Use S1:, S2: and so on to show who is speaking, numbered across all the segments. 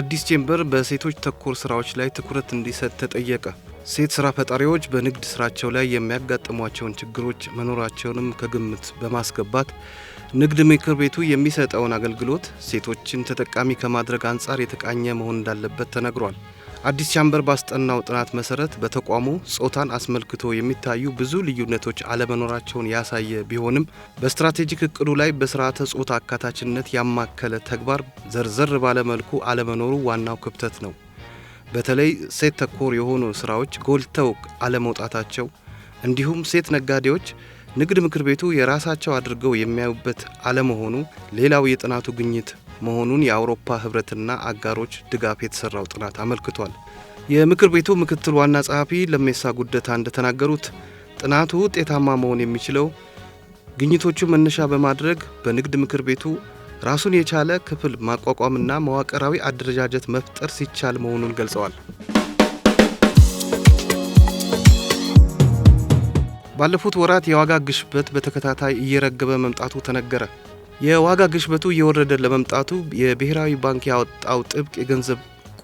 S1: አዲስ ቼምበር በሴቶች ተኮር ስራዎች ላይ ትኩረት እንዲሰጥ ተጠየቀ። ሴት ስራ ፈጣሪዎች በንግድ ስራቸው ላይ የሚያጋጥሟቸውን ችግሮች መኖራቸውንም ከግምት በማስገባት ንግድ ምክር ቤቱ የሚሰጠውን አገልግሎት ሴቶችን ተጠቃሚ ከማድረግ አንጻር የተቃኘ መሆን እንዳለበት ተነግሯል። አዲስ ቻምበር ባስጠናው ጥናት መሰረት በተቋሙ ጾታን አስመልክቶ የሚታዩ ብዙ ልዩነቶች አለመኖራቸውን ያሳየ ቢሆንም በስትራቴጂክ እቅዱ ላይ በስርዓተ ጾታ አካታችነት ያማከለ ተግባር ዘርዘር ባለመልኩ አለመኖሩ ዋናው ክፍተት ነው። በተለይ ሴት ተኮር የሆኑ ስራዎች ጎልተው አለመውጣታቸው፣ እንዲሁም ሴት ነጋዴዎች ንግድ ምክር ቤቱ የራሳቸው አድርገው የሚያዩበት አለመሆኑ ሌላው የጥናቱ ግኝት መሆኑን የአውሮፓ ህብረትና አጋሮች ድጋፍ የተሰራው ጥናት አመልክቷል። የምክር ቤቱ ምክትል ዋና ጸሐፊ ለሜሳ ጉደታ እንደተናገሩት ጥናቱ ውጤታማ መሆን የሚችለው ግኝቶቹን መነሻ በማድረግ በንግድ ምክር ቤቱ ራሱን የቻለ ክፍል ማቋቋምና መዋቅራዊ አደረጃጀት መፍጠር ሲቻል መሆኑን ገልጸዋል። ባለፉት ወራት የዋጋ ግሽበት በተከታታይ እየረገበ መምጣቱ ተነገረ። የዋጋ ግሽበቱ እየወረደ ለመምጣቱ የብሔራዊ ባንክ ያወጣው ጥብቅ የገንዘብ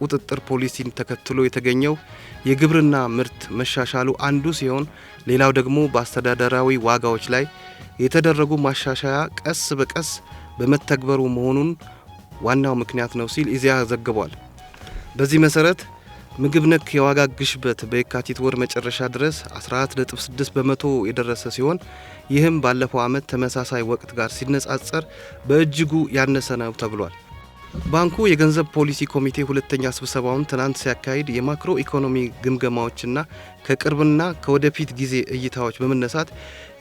S1: ቁጥጥር ፖሊሲን ተከትሎ የተገኘው የግብርና ምርት መሻሻሉ አንዱ ሲሆን ሌላው ደግሞ በአስተዳደራዊ ዋጋዎች ላይ የተደረጉ ማሻሻያ ቀስ በቀስ በመተግበሩ መሆኑን ዋናው ምክንያት ነው ሲል ኢዜአ ዘግቧል። በዚህ መሰረት ምግብ ነክ የዋጋ ግሽበት በየካቲት ወር መጨረሻ ድረስ 14.6 በመቶ የደረሰ ሲሆን ይህም ባለፈው ዓመት ተመሳሳይ ወቅት ጋር ሲነጻጸር በእጅጉ ያነሰ ነው ተብሏል። ባንኩ የገንዘብ ፖሊሲ ኮሚቴ ሁለተኛ ስብሰባውን ትናንት ሲያካሂድ የማክሮ ኢኮኖሚ ግምገማዎችና ከቅርብና ከወደፊት ጊዜ እይታዎች በመነሳት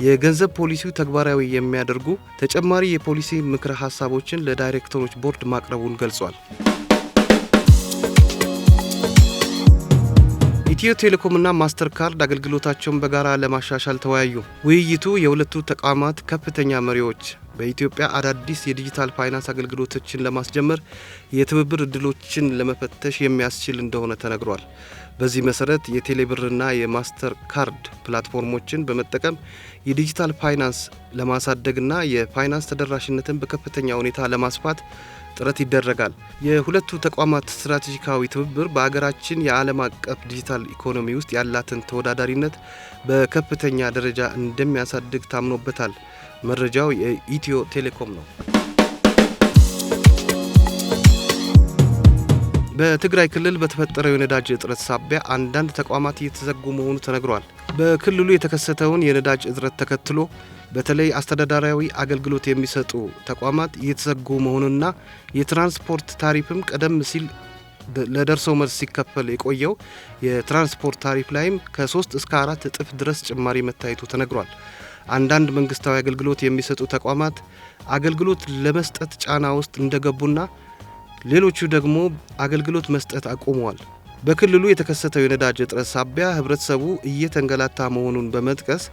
S1: የገንዘብ ፖሊሲው ተግባራዊ የሚያደርጉ ተጨማሪ የፖሊሲ ምክረ ሀሳቦችን ለዳይሬክተሮች ቦርድ ማቅረቡን ገልጿል። ኢትዮ ቴሌኮምና ማስተር ካርድ አገልግሎታቸውን በጋራ ለማሻሻል ተወያዩ። ውይይቱ የሁለቱ ተቋማት ከፍተኛ መሪዎች በኢትዮጵያ አዳዲስ የዲጂታል ፋይናንስ አገልግሎቶችን ለማስጀመር የትብብር እድሎችን ለመፈተሽ የሚያስችል እንደሆነ ተነግሯል። በዚህ መሰረት የቴሌብርና የማስተር ካርድ ፕላትፎርሞችን በመጠቀም የዲጂታል ፋይናንስ ለማሳደግና የፋይናንስ ተደራሽነትን በከፍተኛ ሁኔታ ለማስፋት ጥረት ይደረጋል። የሁለቱ ተቋማት ስትራቴጂካዊ ትብብር በሀገራችን የዓለም አቀፍ ዲጂታል ኢኮኖሚ ውስጥ ያላትን ተወዳዳሪነት በከፍተኛ ደረጃ እንደሚያሳድግ ታምኖበታል። መረጃው የኢትዮ ቴሌኮም ነው። በትግራይ ክልል በተፈጠረው የነዳጅ እጥረት ሳቢያ አንዳንድ ተቋማት እየተዘጉ መሆኑ ተነግሯል። በክልሉ የተከሰተውን የነዳጅ እጥረት ተከትሎ በተለይ አስተዳዳሪያዊ አገልግሎት የሚሰጡ ተቋማት እየተዘጉ መሆኑና የትራንስፖርት ታሪፍም ቀደም ሲል ለደርሰው መልስ ሲከፈል የቆየው የትራንስፖርት ታሪፍ ላይም ከ3 እስከ 4 እጥፍ ድረስ ጭማሪ መታየቱ ተነግሯል። አንዳንድ መንግስታዊ አገልግሎት የሚሰጡ ተቋማት አገልግሎት ለመስጠት ጫና ውስጥ እንደገቡና ሌሎቹ ደግሞ አገልግሎት መስጠት አቁመዋል። በክልሉ የተከሰተው የነዳጅ እጥረት ሳቢያ ህብረተሰቡ እየተንገላታ መሆኑን በመጥቀስ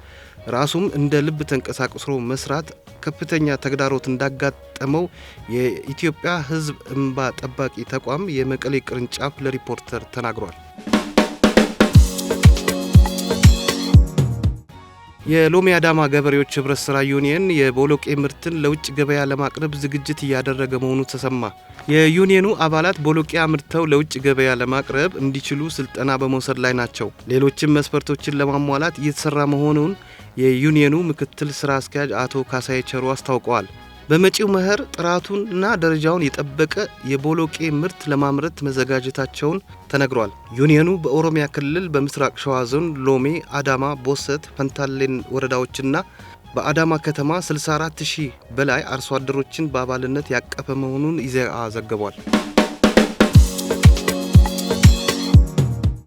S1: ራሱም እንደ ልብ ተንቀሳቅሶ መስራት ከፍተኛ ተግዳሮት እንዳጋጠመው የኢትዮጵያ ሕዝብ እንባ ጠባቂ ተቋም የመቀሌ ቅርንጫፍ ለሪፖርተር ተናግሯል። የሎሚ አዳማ ገበሬዎች ህብረት ስራ ዩኒየን የቦሎቄ ምርትን ለውጭ ገበያ ለማቅረብ ዝግጅት እያደረገ መሆኑ ተሰማ። የዩኒየኑ አባላት ቦሎቄ አምርተው ለውጭ ገበያ ለማቅረብ እንዲችሉ ስልጠና በመውሰድ ላይ ናቸው። ሌሎችም መስፈርቶችን ለማሟላት እየተሰራ መሆኑን የዩኒየኑ ምክትል ስራ አስኪያጅ አቶ ካሳይ ቸሩ አስታውቀዋል። በመጪው መኸር ጥራቱንና ደረጃውን የጠበቀ የቦሎቄ ምርት ለማምረት መዘጋጀታቸውን ተነግሯል። ዩኒየኑ በኦሮሚያ ክልል በምስራቅ ሸዋ ዞን ሎሜ፣ አዳማ፣ ቦሰት፣ ፈንታሌን ወረዳዎችና በአዳማ ከተማ 64 ሺህ በላይ አርሶ አደሮችን በአባልነት ያቀፈ መሆኑን ኢዜአ ዘግቧል።